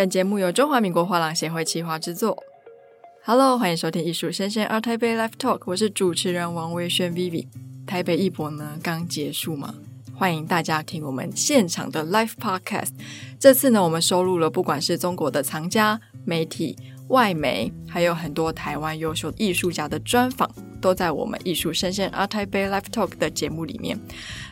本節目由中華民國畫廊協會企劃製作。Hello，歡迎收聽藝術聲鮮 ART TAIPEI Live Talk，我是主持人王維宣 Vivi。台北藝博呢，剛結束嘛，歡迎大家聽我們現場的 Live Podcast。這次呢，我們收錄了不管是中國的藏家、媒體、外媒，還有很多台灣優秀藝術家的專訪。都在我們藝術聲鮮 ART TAIPEI Live Talk 的節目裡面。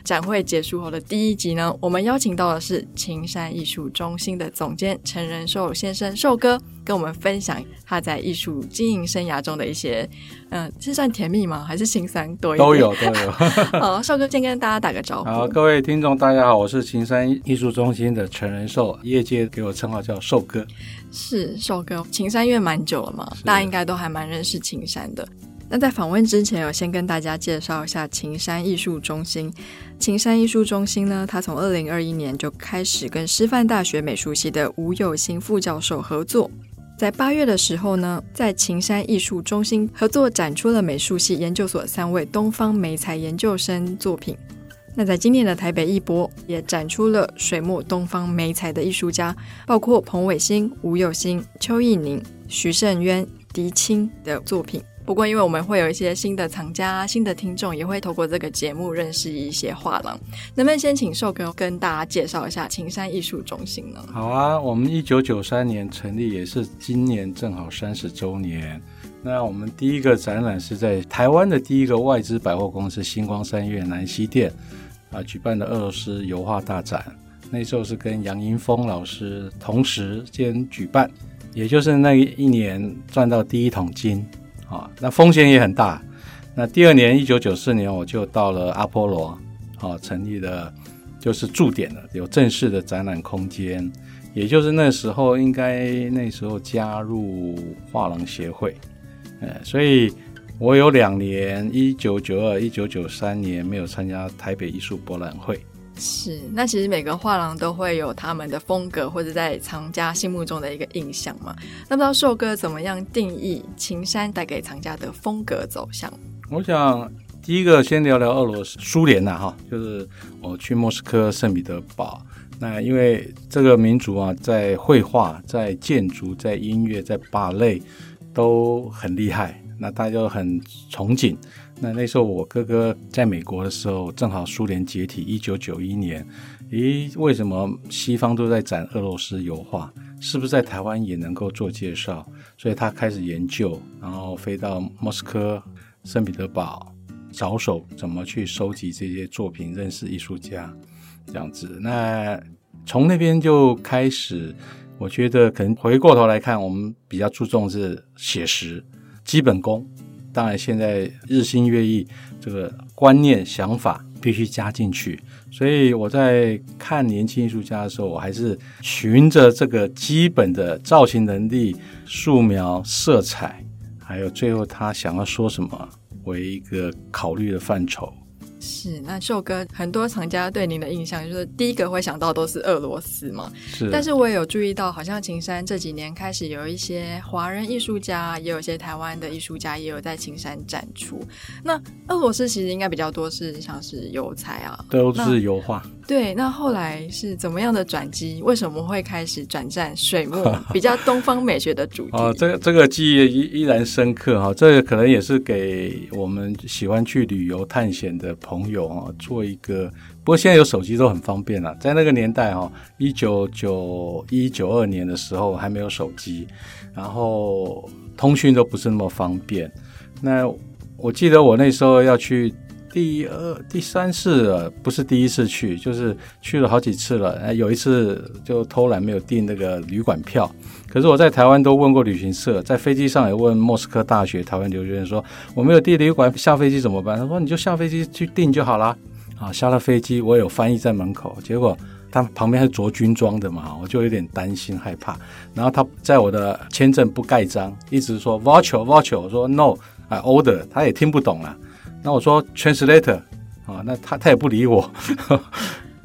展會結束後的第一集呢，我們邀請到的是晴山藝術中心的總監陳仁壽先生，壽哥，跟我們分享他在藝術經營生涯中的一些、呃，嗯，是算甜蜜嗎？還是心酸多一點？都有都有。 好，壽哥先跟大家打個招呼。好，各位聽眾，大家好，我是晴山藝術中心的陳仁壽，業界給我稱號叫壽哥，是壽哥。晴山因為蠻久了嘛，是大家應該都還蠻認識晴山的。那在訪問之前，我先跟大家介紹一下晴山藝術中心。晴山藝術中心呢，它從二零二一年就開始跟師範大學美術系的吳友新副教授合作。在八月的時候呢，在晴山藝術中心合作展出了美術系研究所三位東方媒材研究生作品。那在今年的台北藝博也展出了水墨東方媒材的藝術家，包括彭偉新、吳友新、邱義寧、徐勝淵、狄青的作品。不過，因為我們會有一些新的藏家、新的聽眾，也會透過這個節目認識一些畫廊。能不能先請壽哥跟大家介紹一下晴山藝術中心呢？好啊，我們一九九三年成立，也是今年正好三十週年。那我們第一個展覽是在台灣的第一個外資百貨公司新光三越南西店啊舉辦的俄羅斯油畫大展，那時候是跟楊英風老師同時間舉辦，也就是那一年賺到第一桶金。啊、哦，那風險也很大。那第二年，一九九四年，我就到了阿波羅，啊，成立了，就是駐點了，有正式的展覽空間。也就是那時候應，應該那時候加入畫廊協會。哎、嗯，所以我有兩年，一九九二、一九九三年沒有參加台北藝術博覽會。是，那其實每個畫廊都會有他們的風格，或者在藏家心目中的一個印象嘛。那不知道壽哥怎麼樣定義晴山帶給藏家的風格走向？我想第一個先聊聊俄羅斯、蘇聯吶，哈，就是我去莫斯科、聖彼得堡，那因為這個民族啊，在繪畫、在建築、在音樂、在芭蕾都很厲害，那大家就很憧憬。那那時候我哥哥在美國的時候，正好蘇聯解體，一九九一年，咦，為什麼西方都在展俄羅斯油畫？是不是在台灣也能夠做介紹？所以他開始研究，然後飛到莫斯科、聖彼得堡，着手怎麼去收集這些作品，認識藝術家，這樣子。那從那邊就開始，我覺得可能回過頭來看，我們比較注重是寫實基本功。當然，現在日新月異，這個觀念、想法必須加進去。所以我在看年輕藝術家的時候，我還是循着這個基本的造型能力、素描、色彩，還有最後他想要說什麼，為一個考慮的範疇。是，那壽哥，很多藏家對您的印象就是第一個會想到都是俄羅斯嘛。是，但是我也有注意到，好像晴山這幾年開始有一些華人藝術家、啊，也有些台灣的藝術家也有在晴山展出。那俄羅斯其實應該比較多，事實上是油彩啊，都是油畫。對，那後來是怎麼樣的轉機？為什麼會開始轉戰水墨，比較東方美學的主題？ 啊，這個這個記憶依依然深刻哈、啊，這個、可能也是給我們喜歡去旅遊探險的朋友啊，做一個。不過現在有手機都很方便了，在那個年代哈、啊，一九九一九二年的時候還沒有手機，然後通訊都不是那麼方便。那我記得我那時候要去。第二、第三次不是第一次去，就是去了好幾次了。有一次就偷懶沒有訂那個旅館票，可是我在台灣都問過旅行社，在飛機上也問莫斯科大學台灣留學生說：“我沒有訂旅館，下飛機怎麼辦？”他說：“你就下飛機去訂就好啦。”啊，下了飛機我有翻譯在門口，結果他旁邊是着軍裝的嘛，我就有點擔心害怕。然後他在我的簽證不蓋章，一直說 voucher voucher，我說 no 啊 order，他也聽不懂啦、啊。那我說 translator 啊，那他他也不理我呵呵，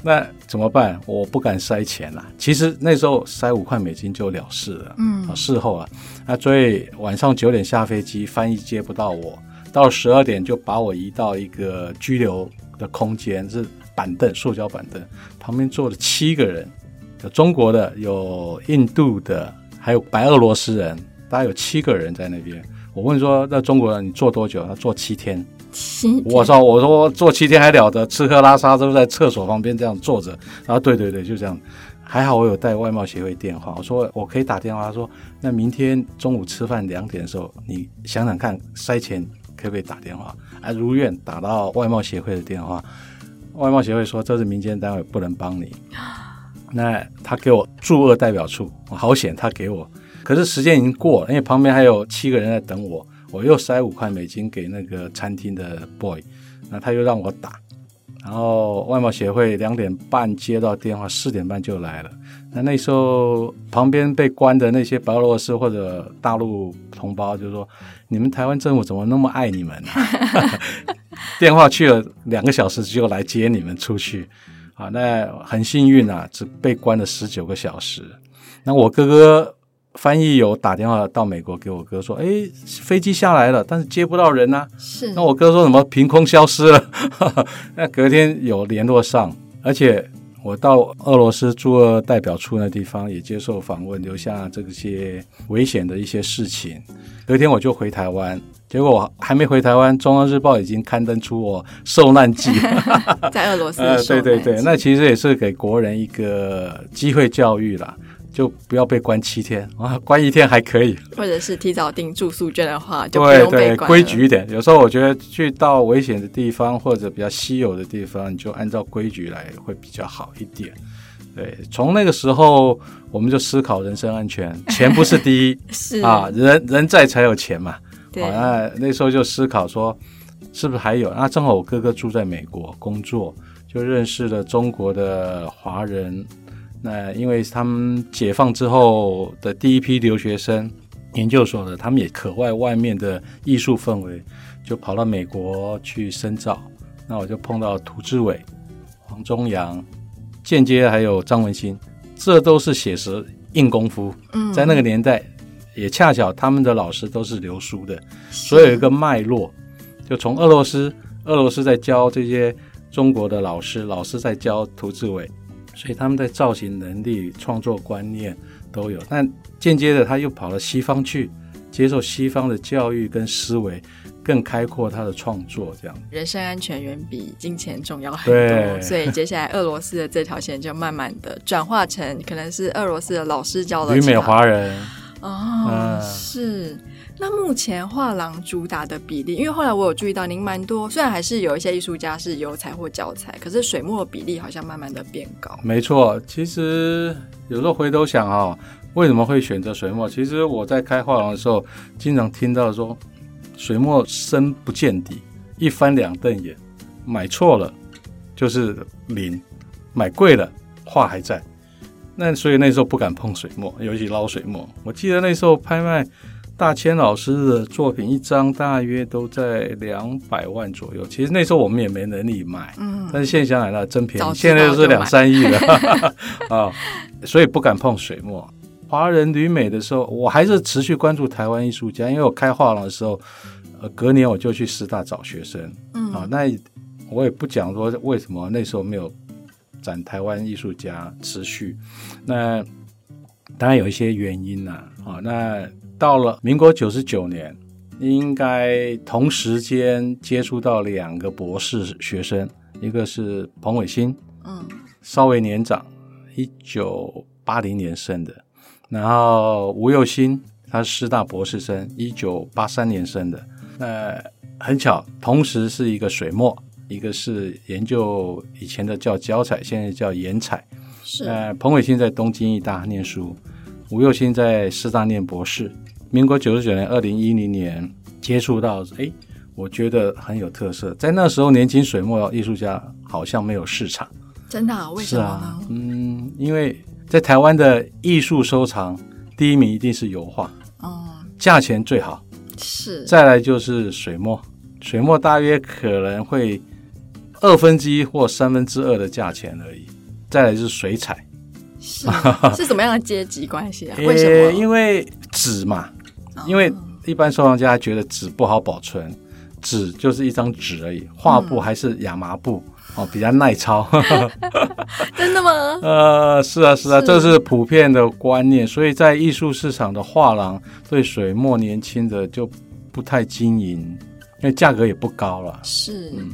那怎麼辦？我不敢塞錢啦、啊。其實那時候塞五塊美金就了事了。嗯，事後啊，那最晚上九點下飛機，翻譯接不到我，到十二點就把我移到一個拘留的空間，是板凳，塑膠板凳，旁邊坐了七個人，有中國的，有印度的，還有白俄羅斯人，大概有七個人在那邊。我問說，那中國人你坐多久？他坐七天。行行我說，我說坐七天還了得，吃喝拉撒都在廁所旁邊這樣坐着。然後對對對，就這樣。還好我有帶外貿協會電話，我說我可以打電話。他說，那明天中午吃飯兩點的時候，你想想看，塞錢可不可以打電話？啊，如願打到外貿協會的電話，外貿協會說這是民間單位，不能幫你。那他給我駐俄代表處，好險他給我，可是時間已經過了，因為旁邊還有七個人在等我。我又塞五塊美金給那個餐廳的 boy，那他又讓我打，然後外貿協會兩點半接到電話，四點半就來了。那那時候旁邊被關的那些白俄羅斯或者大陸同胞就說：“你們台灣政府怎麼那麼愛你們啊？” 電話去了兩個小時，就來接你們出去。啊，那很幸運啊，只被關了十九個小時。那我哥哥。翻譯有打電話到美國給我哥說：“哎，飛機下來了，但是接不到人啊。”是。那我哥說怎麼“憑空消失了。” 那隔天有聯絡上，而且我到俄羅斯駐俄代表處那地方也接受訪問，留下這些危險的一些事情。隔天我就回台灣，結果我還沒回台灣，《中央日報》已經刊登出我受難記， 在俄羅斯、 呃、對對對，那其實也是給國人一個機會教育啦。就不要被關七天啊，關一天還可以。或者是提早訂住宿券的話，就不用被關了。對，對，規矩一點，有時候我覺得去到危險的地方或者比較稀有的地方，你就按照規矩來會比較好一點。對，從那個時候我們就思考人身安全，錢不是第一， 是啊，人人在才有錢嘛。對、啊，那時候就思考說，是不是還有？那正好我哥哥住在美國工作，就認識了中國的華人。那因為他們解放之後的第一批留學生，研究所的，他們也渴望外面的藝術氛圍，就跑到美國去深造。那我就碰到涂志偉、黃中陽，間接還有張文新，這都是寫實硬功夫。嗯，在那個年代，也恰巧他們的老師都是留蘇的，所以有一個脈絡，就從俄羅斯，俄羅斯在教這些中國的老師，老師在教涂志偉。所以他們在造型能力、創作觀念都有，但間接的他又跑到西方去接受西方的教育跟思維，更開闊他的創作。這樣，人身安全遠比金錢重要很多。對所以接下來俄羅斯的這條線就慢慢的轉化成可能是俄羅斯的老師教的。愚美華人啊，哦嗯、是。那目前畫廊主打的比例，因為後來我有注意到，您蠻多，雖然還是有一些藝術家是油彩或膠彩，可是水墨的比例好像慢慢的變高。沒錯，其實有時候回頭想啊、哦，為什麼會選擇水墨？其實我在開畫廊的時候，經常聽到說，水墨深不見底，一翻兩瞪眼，買錯了就是零，買貴了畫還在。那所以那時候不敢碰水墨，尤其撈水墨。我記得那時候拍賣。大千老師的作品一張大約都在兩百萬左右，其實那時候我們也沒能力買，嗯、但是現下來了真便宜，現在就是兩三億了啊、 哦，所以不敢碰水墨。華人旅美的時候，我還是持續關注台灣藝術家，因為我開畫廊的時候，呃，隔年我就去師大找學生，啊、嗯哦，那我也不講說為什麼那時候沒有展台灣藝術家，持續那當然有一些原因吶、啊，啊、哦、那。到了民國九十九年，應該同時間接觸到兩個博士學生，一個是彭偉新，嗯，稍微年長，一九八零年生的，然後吳又新，他是師大博士生，一九八三年生的。呃，很巧，同時是一個水墨，一個是研究以前的叫膠彩，現在叫岩彩。是。呃，彭偉新在東京藝大念書，吳又新在師大念博士。民國九十九年、二零一零年接觸到，哎、欸，我覺得很有特色。在那時候，年輕水墨藝術家好像沒有市場，真的。啊，為什麼呢？啊？嗯，因為在台灣的藝術收藏，第一名一定是油畫，嗯、價錢最好，是。再來就是水墨，水墨大約可能會二分之一或三分之二的價錢而已。再來就是水彩，是是，是什麼樣的階級關係啊？欸、為什麼？因為紙嘛。因為一般收藏家覺得紙不好保存，嗯、紙就是一張紙而已，畫布還是亞麻布、嗯、哦，比較耐操。 真的嗎？呃，是啊，是啊，是，這是普遍的觀念，所以在藝術市場的畫廊對水墨年輕的就不太經營，因為價格也不高了。是，嗯、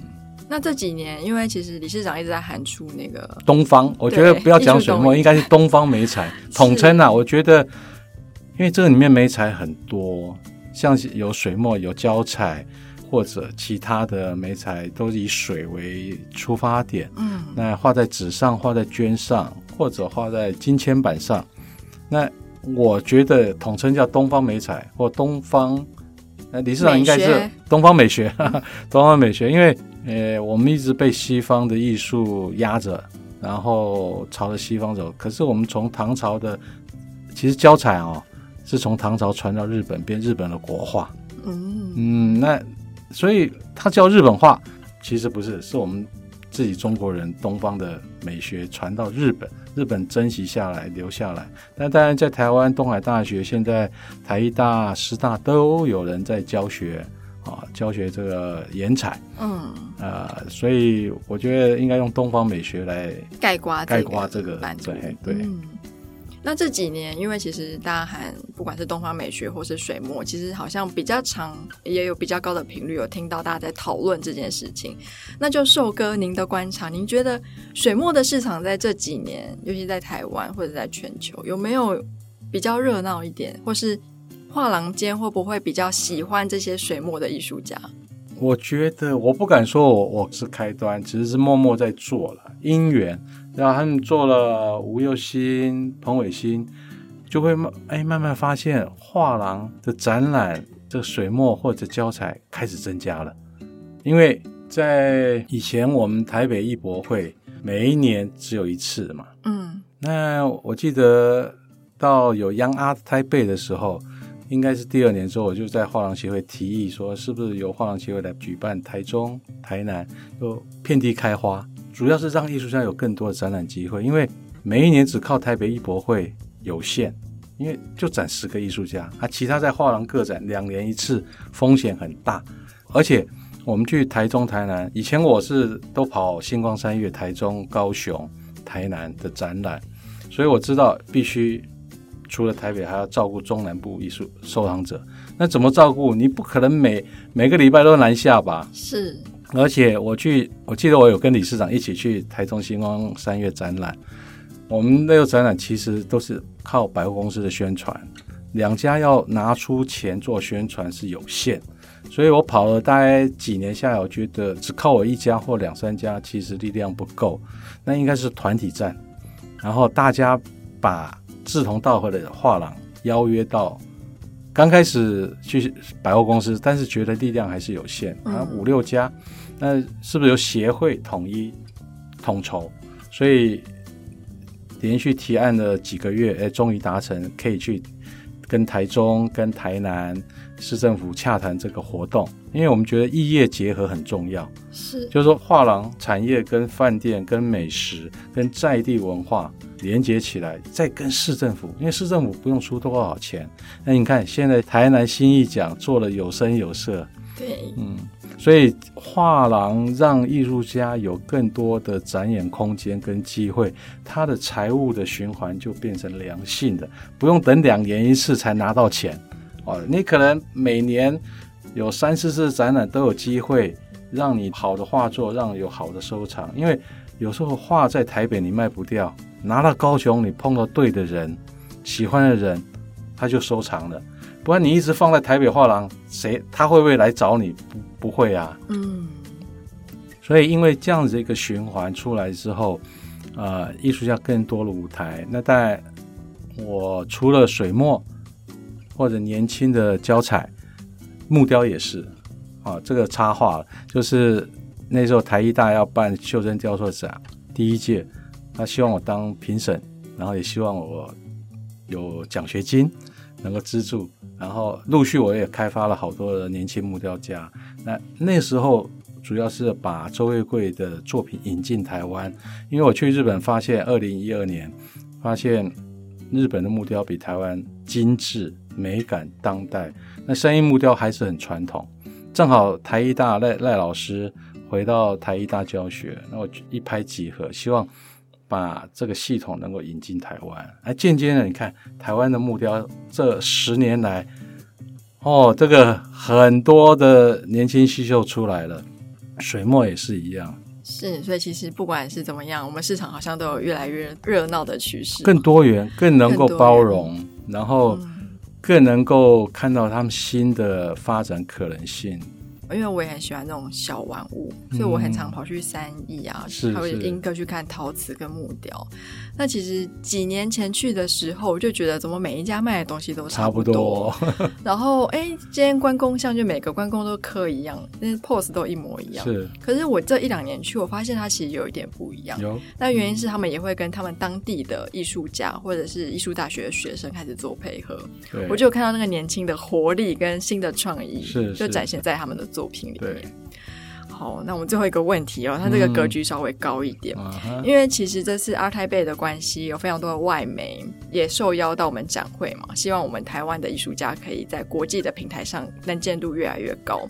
那這幾年，因為其實理事長一直在喊出那個東方，我覺得對不要講水墨，應該是東方美彩 統稱啊，我覺得。因為這個裡面媒材很多，像有水墨、有膠彩，或者其他的媒材，都是以水為出發點。嗯，那畫在紙上、畫在絹上，或者畫在金簽板上。那我覺得統稱叫東方媒材，或東方李、呃、理事長應該是東方美學，美學 東方美學。因為呃，我們一直被西方的藝術壓着，然後朝着西方走。可是我們從唐朝的其實膠彩哦。是從唐朝傳到日本，變日本的國畫。嗯嗯，那所以它叫日本畫，其實不是，是我們自己中國人東方的美學傳到日本，日本珍惜下來留下來。但當然在台灣東海大學、現在台藝大、師大都有人在教學啊，教學這個顏彩。嗯啊、呃，所以我覺得應該用東方美學來概括概括這個，對對。對嗯那這幾年，因為其實大家喊不管是東方美學或是水墨，其實好像比較常也有比較高的頻率有聽到大家在討論這件事情。那就壽哥您的觀察，您覺得水墨的市場在這幾年，尤其在台灣或者在全球，有沒有比較熱鬧一點？或是畫廊間會不會比較喜歡這些水墨的藝術家？我覺得我不敢說我，我我是開端，其實是默默在做了因緣，然後他們做了吳又新、彭偉新，就會慢哎，慢慢發現畫廊的展覽的、這個、水墨或者膠彩開始增加了，因為在以前我們台北藝博會每一年只有一次嘛，嗯，那我記得到有 Young Art 台北的時候。應該是第二年之後，我就在畫廊協會提議說，是不是由畫廊協會來舉辦台中、台南，就遍地開花。主要是讓藝術家有更多的展覽機會，因為每一年只靠台北藝博會有限，因為就展十個藝術家，啊，其他在畫廊個展兩年一次，風險很大。而且我們去台中、台南，以前我是都跑新光三越、台中、高雄、台南的展覽，所以我知道必須。除了台北，還要照顧中南部藝術收藏者，那怎麼照顧？你不可能每每個禮拜都南下吧？是。而且我去，我記得我有跟理事長一起去台中星光三月展覽，我們那個展覽其實都是靠百貨公司的宣傳，兩家要拿出錢做宣傳是有限，所以我跑了大概幾年下來，我覺得只靠我一家或兩三家，其實力量不夠，那應該是團體戰，然後大家。把志同道合的畫廊邀約到，剛開始去百貨公司，但是覺得力量還是有限，啊五六家，那是不是由協會統一統籌？所以連續提案了幾個月，哎，終於達成，可以去跟台中、跟台南。市政府洽談這個活動，因為我們覺得異業結合很重要，是，就是說畫廊產業跟飯店、跟美食、跟在地文化連接起來，再跟市政府，因為市政府不用出多少錢。那、欸、你看，現在台南新藝獎做了有聲有色，對，嗯，所以畫廊讓藝術家有更多的展演空間跟機會，他的財務的循環就變成良性的，不用等兩年一次才拿到錢。哦，你可能每年有三四次展覽都有機會讓你好的畫作，讓有好的收藏。因為有時候畫在台北你賣不掉，拿到高雄你碰到對的人、喜歡的人，他就收藏了。不然你一直放在台北畫廊，誰他會不會來找你？不，不會啊。嗯。所以因為這樣子一個循環出來之後，呃，藝術家更多了舞台。那在我除了水墨。或者年輕的膠彩木雕也是啊。這個插畫就是那時候台藝大要辦袖珍雕塑展第一屆，他希望我當評審，然後也希望我有獎學金能夠資助，然後陸續我也開發了好多的年輕木雕家。那那時候主要是把舟越桂的作品引進台灣，因為我去日本發現，二零一二年發現。日本的木雕比台灣精致、美感、當代。那三義木雕還是很傳統。正好台藝大賴賴老師回到台藝大教學，那我一拍即合，希望把這個系統能夠引進台灣。哎、啊，漸漸的，你看台灣的木雕這十年來，哦，這個很多的年輕新秀出來了，水墨也是一樣。是，所以其實不管是怎麼樣，我們市場好像都有越來越熱鬧的趨勢，更多元，更能夠包容，然後更能夠看到他們新的發展可能性。因為我也很喜歡那種小玩物，嗯、所以我很常跑去三義啊，是，是還會因特去看陶瓷跟木雕。那其實幾年前去的時候，我就覺得怎麼每一家賣的東西都差不多。差不多 然後哎、欸，今天關公像就每個關公都刻一樣，那些 pose 都一模一樣。是，可是我這一兩年去，我發現它其實有一點不一樣。有，那原因是他們也會跟他們當地的藝術家、嗯、或者是藝術大學的學生開始做配合。對，我就有看到那個年輕的活力跟新的創意，是，是，就展現在他們的作。作品裡面，對好，那我們最後一個問題哦，它這個格局稍微高一點，嗯、因為其實這次阿泰貝的關係，有非常多的外媒也受邀到我們展會嘛，希望我們台灣的藝術家可以在國際的平台上能見度越來越高。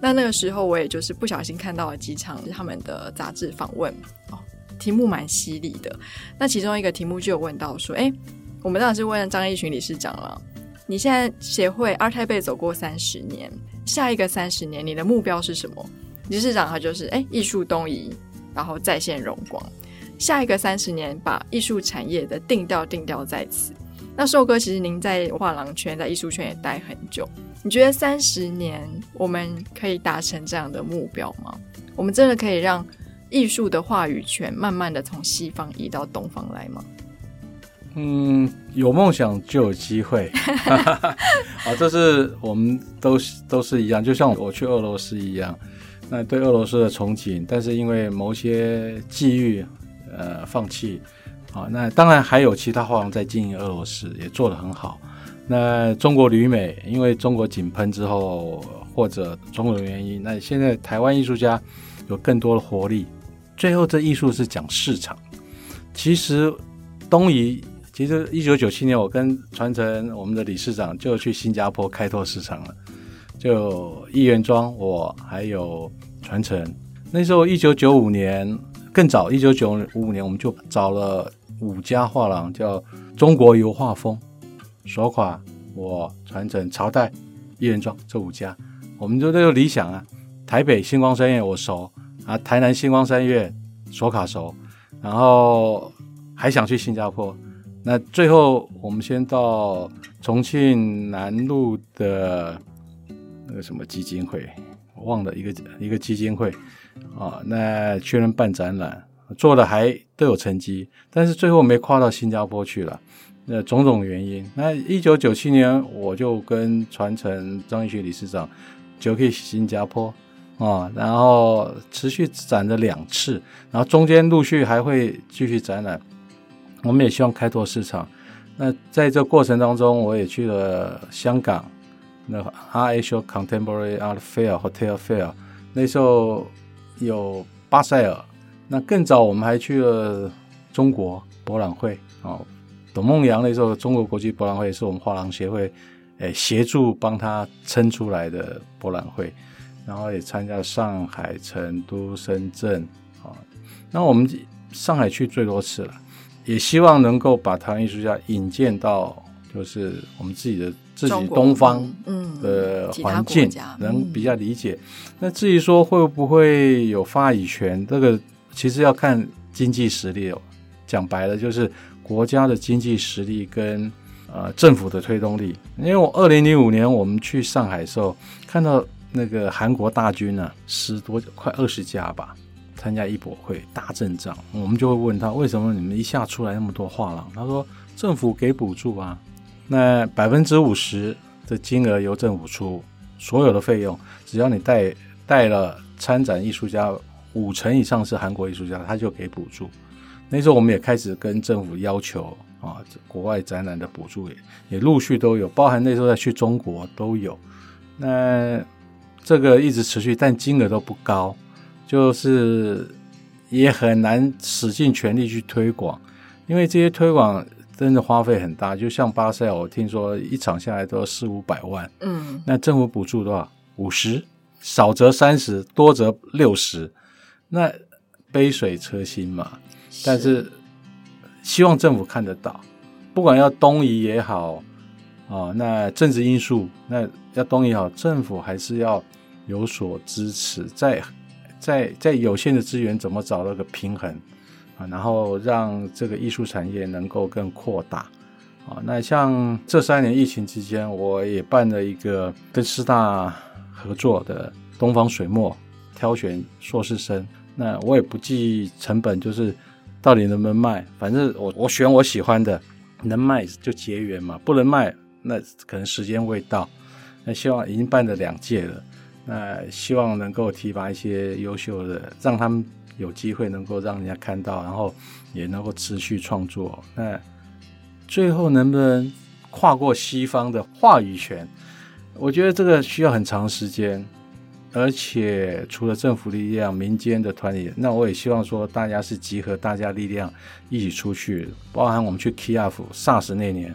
那那個時候，我也就是不小心看到了幾場、就是、他們的雜誌訪問，哦，題目蠻犀利的。那其中一個題目就有問到說，哎，我們當然是問張逸群理事長了。你現在協會 ART TAIPEI 走過三十年，下一個三十年你的目標是什麼？理事長他就是哎、欸，藝術東移，然後再現榮光。下一個三十年，把藝術產業的定調定調在此。那壽哥，其實您在畫廊圈、在藝術圈也待很久，你覺得三十年我們可以達成這樣的目標嗎？我們真的可以讓藝術的話語權慢慢的從西方移到東方來嗎？嗯，有夢想就有機會。 啊，這是我們都都是一樣，就像我去俄羅斯一樣，那對俄羅斯的憧憬，但是因為某些際遇，呃，放棄。啊，那當然還有其他畫廊在經營俄羅斯，也做得很好。那中國旅美，因為中國井噴之後，或者中國的原因，那現在台灣藝術家有更多的活力。最後，這藝術是講市場。其實東移。其實，一九九七年我跟傳承我們的理事長就去新加坡開拓市場了。就一元莊，我還有傳承。那時候，一九九五年更早，一九九五年我們就找了五家畫廊，叫中國油畫風、索卡、我傳承、朝代、一元莊這五家。我們就都有理想啊，台北新光三越我熟啊，台南新光三越索卡熟，然後還想去新加坡。那最後，我們先到重慶南路的那個什麼基金會，忘了一個一個基金會，啊，那確認辦展覽，做的還都有成績，但是最後沒跨到新加坡去了，那種種原因。那一九九七年，我就跟傳承張一雪理事長就去新加坡，啊，然後持續展了兩次，然後中間陸續還會繼續展覽。我們也希望開拓市場。那在這過程當中，我也去了香港，那 R A Show Contemporary Art Fair Hotel Fair，那時候有巴塞爾。那更早，我們還去了中國博覽會哦，董夢陽那時候的中國國際博覽會是我們畫廊協會誒協助幫他撐出來的博覽會。然後也參加上海、成都、深圳啊。那我們上海去最多次了。也希望能夠把台灣藝術家引薦到，就是我們自己的自己東方的環境，能比較理解。那至於說會不會有話語權，這、那個其實要看經濟實力哦。講白了，就是國家的經濟實力跟呃政府的推動力。因為我二零零五年我們去上海的時候，看到那個韓國大軍呢、啊，十多快二十家吧。參加藝博會大陣仗，我們就會問他為什麼你們一下出來那麼多畫廊？他說政府給補助啊，那50，那百分之五十的金額由政府出。所有的費用只要你帶帶了參展藝術家五成以上是韓國藝術家，他就給補助。那時候我們也開始跟政府要求啊，國外展覽的補助也也陸續都有，包含那時候再去中國都有。那這個一直持續，但金額都不高。就是也很難使盡全力去推廣，因為這些推廣真的花費很大。就像巴塞，我聽說一場下來都要四五百萬。嗯，那政府補助的話50，少30，多少？五十，少則三十，多則六十。那杯水車薪嘛。是。但是希望政府看得到，不管要東移也好，啊、呃，那政治因素，那要東移好，政府還是要有所支持在。在在有限的資源，怎麼找到一個平衡啊？然後讓這個藝術產業能夠更擴大啊？那像這三年疫情期間，我也辦了一個跟師大合作的東方水墨挑選碩士生，那我也不計成本，就是到底能不能賣，反正我我選我喜歡的，能賣就結緣嘛，不能賣那可能時間未到，那希望已經辦了兩屆了。那希望能夠提拔一些優秀的，讓他們有機會能夠讓人家看到，然後也能夠持續創作。那最後能不能跨過西方的話語權？我覺得這個需要很長時間，而且除了政府力量，民間的團體，那我也希望說大家是集合大家力量一起出去，包含我們去 Kiaf，SARS 那年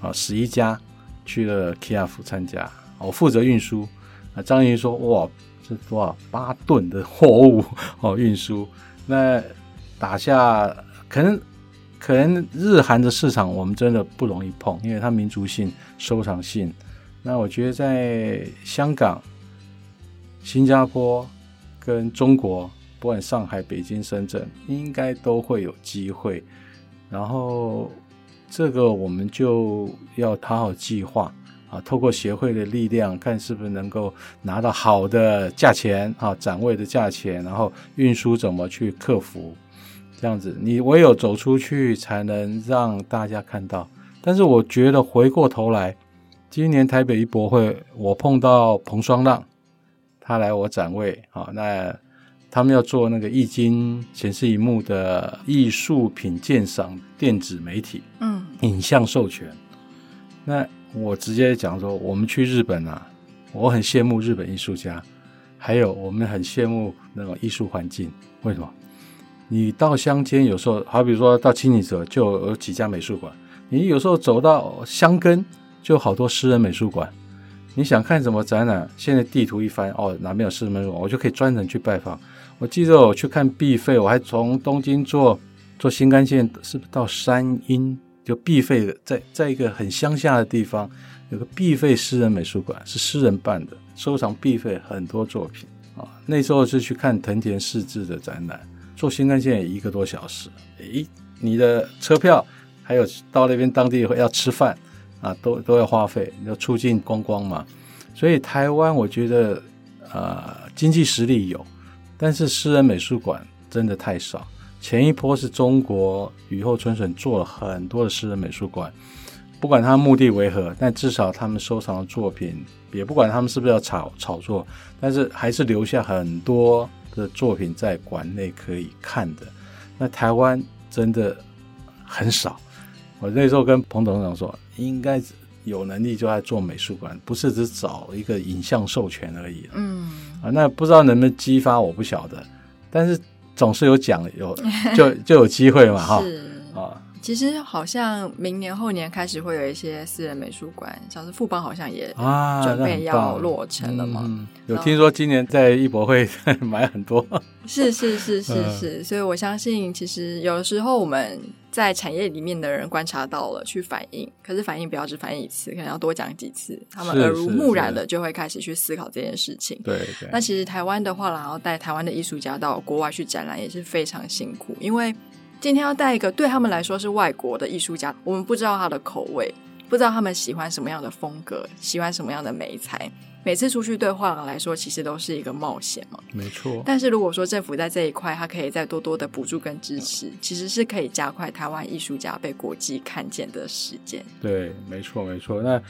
啊，十一家去了 Kiaf 參加，我負責運輸。啊，張雲說：“哇，這多少八噸的貨物哦？運輸那打下可能可能日韓的市場，我們真的不容易碰，因為它民族性、收藏性。那我覺得在香港、新加坡跟中國，不管上海、北京、深圳，應該都會有機會。然後這個我們就要好好計劃。”啊，透過協會的力量，看是不是能夠拿到好的價錢啊，展位的價錢，然後運輸怎麼去克服？這樣子，你唯有走出去，才能讓大家看到。但是我覺得回過頭來，今年台北藝博會，我碰到彭雙浪，他來我展位啊，那他們要做那個易經顯示螢幕的藝術品鑒賞電子媒體，嗯，影像授權，那。我直接講說，我們去日本啊，我很羨慕日本藝術家，還有我們很羨慕那種藝術環境。為什麼？你到鄉間有時候，好比說到清野澤就有幾家美術館，你有時候走到鄉根就好多私人美術館。你想看什麼展覽？現在地圖一翻，哦，哪邊有私人美術館，我就可以專程去拜訪。我記得我去看畢費，我還從東京坐坐新幹線，是不是到山陰？就畢費的在在一個很鄉下的地方，有個畢費私人美術館，是私人辦的，收藏畢費很多作品啊。那時候是去看藤田嗣治的展覽，坐新幹線也一個多小時。誒，你的車票還有到那邊當地以後要吃飯啊，都都要花費，要出境觀光嘛。所以台灣我覺得啊、呃，經濟實力有，但是私人美術館真的太少。前一波是中國雨後春筍，做了很多的私人美術館，不管他目的為何，但至少他們收藏的作品，也不管他們是不是要炒炒作，但是還是留下很多的作品在館內可以看的。那台灣真的很少。我那時候跟彭董事長說，應該有能力就在做美術館，不是只找一個影像授權而已。嗯啊，那不知道能不能激發，我不曉得，但是。總是有講有就就有機會嘛哈啊， 是哦、其實好像明年後年開始會有一些私人美術館，像是富邦好像也準備要落成了嘛。啊嗯、後有聽說今年在藝博會 買很多，是是是是是，是是是嗯、所以我相信其實有的時候我們。在產業裡面的人觀察到了，去反映，可是反應不要只反映一次，可能要多講幾次，是他們耳濡目染的就會開始去思考這件事情。對，對。那其實台灣的話，然後帶台灣的藝術家到國外去展覽也是非常辛苦，因為今天要帶一個對他們來說是外國的藝術家，我們不知道他的口味。不知道他們喜歡什麼樣的風格，喜歡什麼樣的媒材。每次出去對畫廊來說，其實都是一個冒險嘛。沒錯錯。但是如果說政府在這一塊，它可以再多多的補助跟支持，嗯、其實是可以加快台灣藝術家被國際看見的時間。對，沒錯，沒錯。那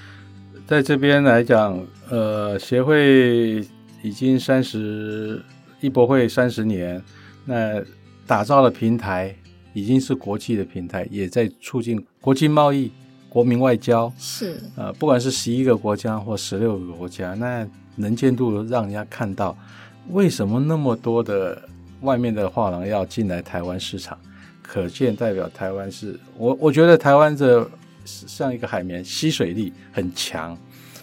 在這邊來講，呃，協會已經三十，藝博會三十年，那打造的平台已經是國際的平台，也在促進國際貿易。國民外交是呃，不管是十一個國家或十六個國家，那能見度讓人家看到，為什麼那麼多的外面的畫廊要進來台灣市場？可見代表台灣是我，我覺得台灣的像一個海綿，吸水力很強。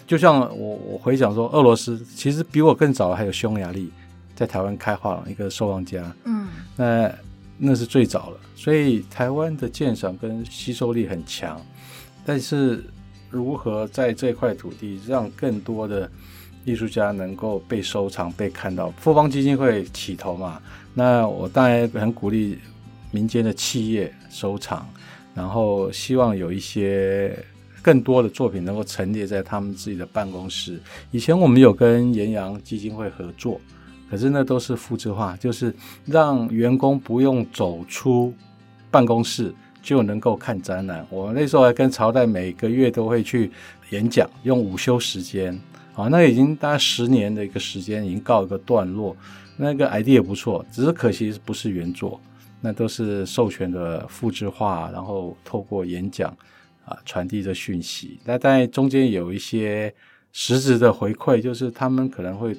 就像我我回想說，俄羅斯其實比我更早，還有匈牙利在台灣開畫廊一個收藏家，嗯，那、呃、那是最早了，所以台灣的鑑賞跟吸收力很強。但是如何在這塊土地讓更多的藝術家能夠被收藏，被看到？富邦基金會起頭嘛，那我當然很鼓勵民間的企業收藏，然後希望有一些更多的作品能夠陳列在他們自己的辦公室。以前我們有跟研揚基金會合作，可是那都是複製化，就是讓員工不用走出辦公室。就能夠看展覽。我那時候還跟朝代每個月都會去演講，用午休時間。好、啊，那已經大概十年的一個時間，已經告一個段落。那個 idea 也不錯，只是可惜不是原作，那都是授權的複製畫，然後透過演講啊傳遞的訊息。那在中間有一些實質的回饋，就是他們可能會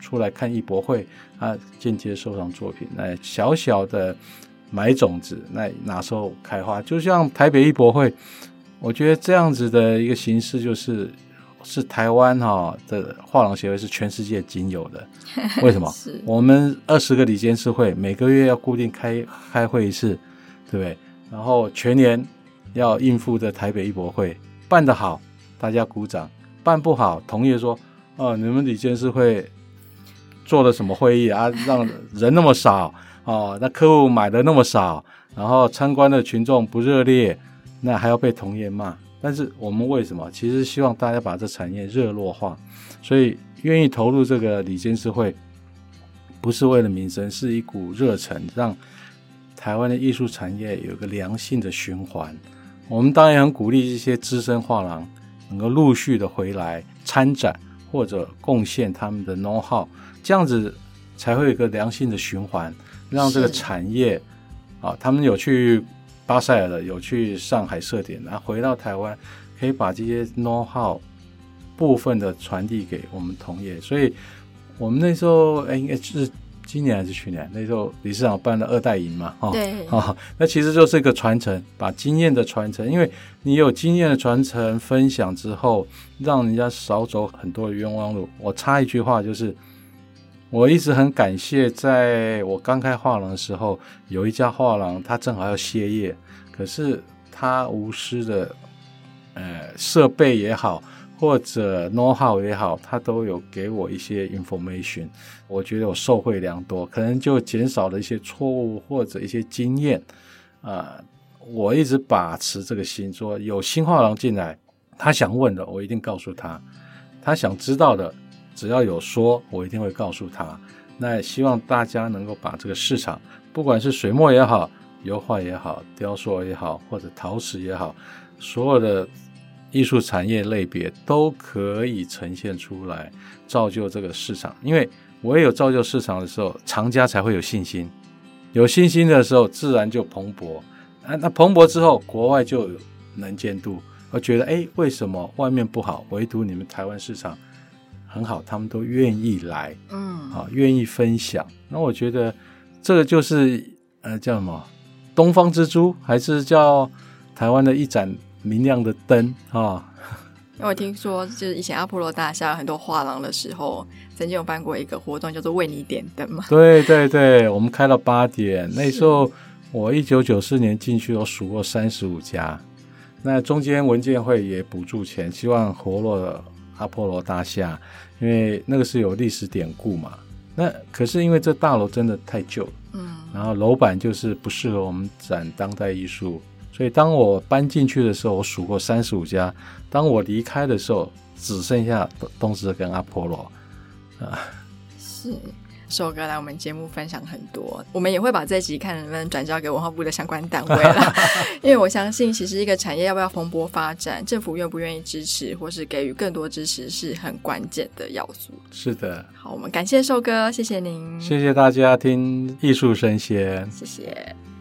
出來看藝博會啊，間接收藏作品。那小小的。買種子，那哪時候開花？就像台北藝博會，我覺得這樣子的一個形式，就是是台灣哈、哦、的畫廊協會是全世界僅有的。為什麼？ 是我們二十個理監事會每個月要固定開開會一次，對不對？然後全年要應付的台北藝博會辦得好，大家鼓掌；辦不好，同業說哦，你們理監事會做了什麼會議啊？讓人那麼少。 哦，那客戶買的那麼少，然後參觀的群眾不熱烈，那還要被同業罵。但是我們為什麼？其實希望大家把這產業熱絡化，所以願意投入這個理監事會，不是為了名聲，是一股熱忱，讓台灣的藝術產業有個良性的循環。我們當然很鼓勵這些資深畫廊能夠陸續的回來參展或者貢獻他們的 know how，這樣子才會有個良性的循環。讓這個產業是啊，他們有去巴塞爾的，有去上海設點，然後回到台灣，可以把這些 know how 部分的傳遞給我們同業。所以，我們那時候哎，應該是今年還是去年？那時候理事長辦了二代營嘛，哦，啊對、哦，那其實就是一個傳承，把經驗的傳承。因為你有經驗的傳承分享之後，讓人家少走很多的冤枉路。我插一句話就是。我一直很感謝，在我剛開畫廊的時候，有一家畫廊，他正好要歇業，可是他無私的，呃，設備也好，或者 know how 也好，他都有給我一些 information。我覺得我受惠良多，可能就減少了一些錯誤或者一些經驗。啊、呃，我一直把持這個心，說有新畫廊進來，他想問的我一定告訴他，他想知道的。只要有說，我一定會告訴他。那也希望大家能夠把這個市場，不管是水墨也好，油畫也好，雕塑也好，或者陶瓷也好，所有的藝術產業類別都可以呈現出來，造就這個市場。因為唯有造就市場的時候，藏家才會有信心。有信心的時候，自然就蓬勃。啊，那蓬勃之後，國外就有能見度，而覺得誒、欸，為什麼外面不好，唯獨你們台灣市場？很好，他們都願意來，嗯，好、哦，願意分享。那我覺得這個就是呃，叫什麼？東方之珠，還是叫台灣的一盞明亮的燈啊？哦、因為我聽說，就是以前阿波羅大廈有很多畫廊的時候，曾經有辦過一個活動，叫做“為你點燈”嘛。對對對，我們開了八點，是那時候我一九九四年進去，我數過三十五家。那中間文建會也補助錢，希望活絡了。阿波羅大廈，因為那個是有歷史典故嘛。那可是因為這大樓真的太舊了，嗯，然後樓板就是不適合我們展當代藝術。所以當我搬進去的時候，我數過三十五家；當我離開的時候，只剩下東之跟阿波羅啊。是。壽哥來我們節目分享很多，我們也會把這集看能不能轉交給文化部的相關單位了， 因為我相信其實一個產業要不要蓬勃發展，政府願不願意支持或是給予更多支持是很關鍵的要素。是的，好，我們感謝壽哥，謝謝您，謝謝大家聽藝術聲鮮，謝謝。